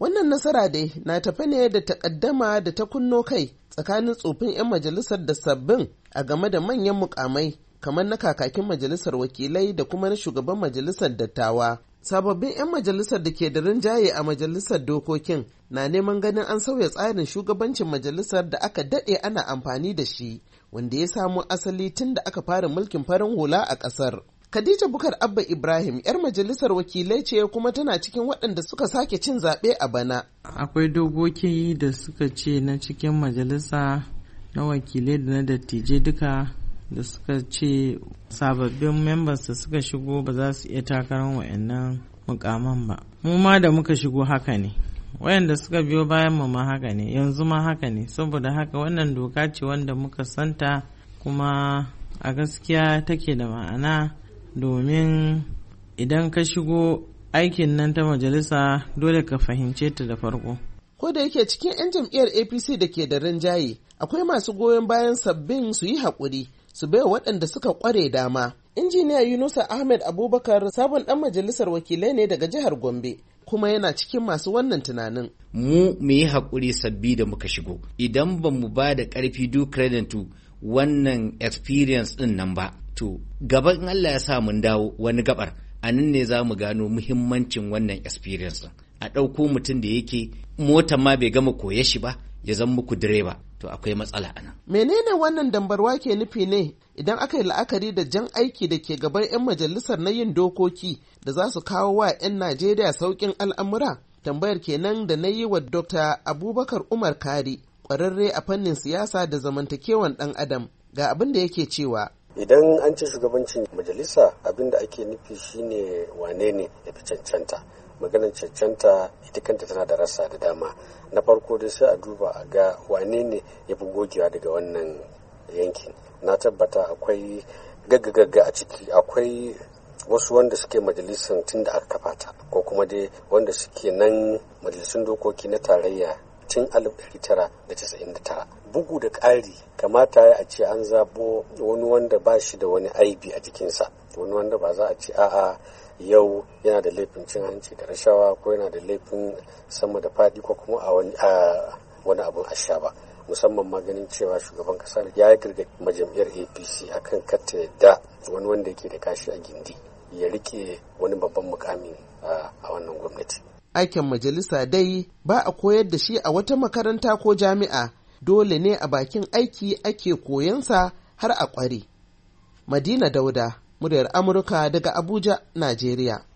Wannan nasara dai na tafi ne da takaddama da ta kunno kai tsakanin tsofin 'yan majalisar da sabbin a game da manyan mukamai kamar na kakakin majalisar wakilai da kuma na shugaban majalisar dattawa. Sababbin 'yan majalisar da ke da rinjaye a majalisar dokokin na neman ganin an sauya tsarin shugabancin majalisar da aka daɗe ana amfani da shi wanda ya samo asali tun da aka fara mulkin farin hula a ƙasar. Khadija Bukar Abba Ibrahim 'yar majalisar wakilai ce kuma tana cikin waɗanda suka sake cin zaɓe a bana. Akwai dokoki da suka ce na cikin majalisa na wakilai da na dattijai duka da suka ce sababbin members da suka shigo ba za su iya takarar wa'annan mukaman ba. Mu ma da muka shigo haka ne. wayanda suka biyo bayan mu ma haka ne yanzu ma haka ne saboda haka wannan doka ce wanda muka santa kuma a gaskiya take da ma'ana domin idan ka shigo aikin nan ta majalisa dole ka fahimce ta da farko. Ko da yake cikin 'yan jam'iyyar APC da ke da rinjaye akwai masu goyon bayan sabbin su yi haƙuri su baiwa waɗanda suka ƙware dama. Injiniya Yunusa Ahmed Abubakar sabon ɗan majalisar wakilai ne daga jihar Gombe kuma yana cikin masu wannan tunanin. Mu mu yi haƙuri sabbi da muka shigo idan ba mu ba da ƙarfi duk credit wannan experience ɗin nan ba to gaba in Allah ya sa mun dawo wani gabar a nan ne za mu gano muhimmancin wannan experience a ɗauko mutum da yake mota ma bai gama koya shi ba ya zan muku direba to akwai matsala a nan. menene wannan dambarwa ke nufi ne idan aka yi la'akari da jan aiki da ke gaban 'yan majalisar na yin dokoki da za su kawo wa 'yan najeriya sauƙin al'amura tambayar kenan da na yi wa dr abubakar umar kari ƙwararre a fannin siyasa da zamantakewan ɗan adam ga abin da yake cewa idan an ce shugabancin majalisa abinda da ake nufi shine wane ne ya fi cancanta maganar cancanta ita kanta tana da rasa da dama na farko dai sai a duba a ga wane ne ya fi gogewa daga wannan yankin na tabbata akwai gaggagagga a ciki akwai wasu wanda suke majalisan tun da aka kafa ta ko kuma dai wanda suke nan majalisun dokoki na tarayya tun 1999 bugu da ƙari kamata ya a ce an zabo wani wanda ba shi da wani aibi a jikinsa wani wanda ba za a ce a'a yau yana da laifin cin hanci da rashawa ko yana da laifin sama da faɗi ko kuma a wani abin asha ba musamman maganin cewa shugaban kasa ya yi girgit majam'iyyar apc akan kata da wani wanda yake da kashi a gindi ya rike wani babban mukami a wannan gwamnati Aikin majalisa dai ba a koyar da shi a wata makaranta ko jami'a, dole ne a bakin aiki ake koyansa har a kware. Madina Dauda, muryar Amurka daga Abuja, Najeriya.